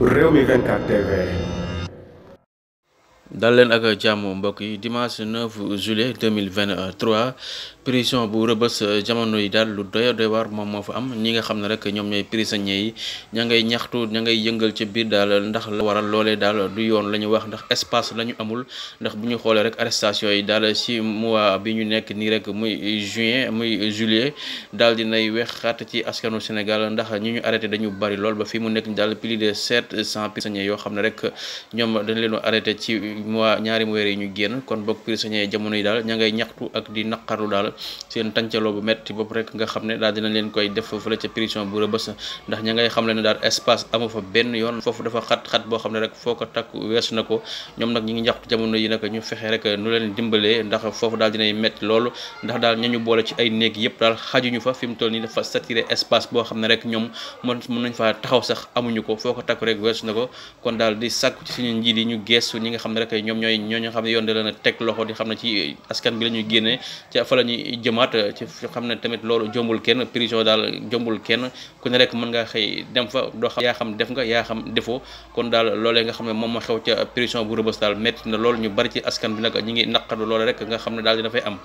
Rewmi 24 TV daal leen ak jàmm mbokk yi dimanche 9 juillet 2023 prison bu rëbës jamono yi daal lu doy doy waar moom moo fa am ñi nga xam ne rek ñoom ñooy prisonniers yi ña ngay ñaxtu ña ngay yëngal ci biir daal ndax la waral loole daal du yoon la ñu wax ndax espace la ñu amul ndax bu ñu xoolee rek arrestation yi daal ci mois bi ñu nekk nii rek muy juin muy juillet daal dinay wexaat ci askanu Sénégal ndax ñu ñu arrêté dañu bari lool ba fi mu nekk daal plus de 700 prisonniers yoo xam ne rek ñoom dañ leen arrêté ci mois ñaari weer yi ñu génn kon bokk prisonnier jamono yi daal ña ngay ñaxtu ak di naqaru daal seen tàncaloo bu metti bopp rek nga xam ne daal dina leen koy def fële ca prison bu rëbës ndax ña ngay xam ne espace amu fa ben yoon fofu dafa xat xat boo xam ne rek foo ko takk weesu na ko ñoom ñi ngi ñaxtu jamono yi nag ñu fexe rek nu leen dimbalee ndax foofu daal dinay metti loolu ndax daal ñañu boole ci ay néeg yépp daal xajuñu fa fi mu toll nii dafa saturé espace boo xam rek ñoom mën nañ faa taxaw sax amuñu ko foo rek weesu na ko kon dal di sàkku ci suñu njiit yi ñu gessu ñi nga xamne rek daanaka ñoom ñooy ñoo ñooñu xam ne yoon da leen a teg loxo di xam ne ci askan bi la ñuy génnee ca fa la ñuy jëmaat ci xam ne tamit loolu jombul kenn prison daal jombul kenn ku ne rek mën nga xëy dem fa doo xam yaa xam def nga yaa xam defoo kon daal loolee nga xam ne moom ma xew ca prison bu rëbës daal métti na lool ñu bari ci askan bi nag ñi ngi naqaru loole rek nga xam ne daal dina fay am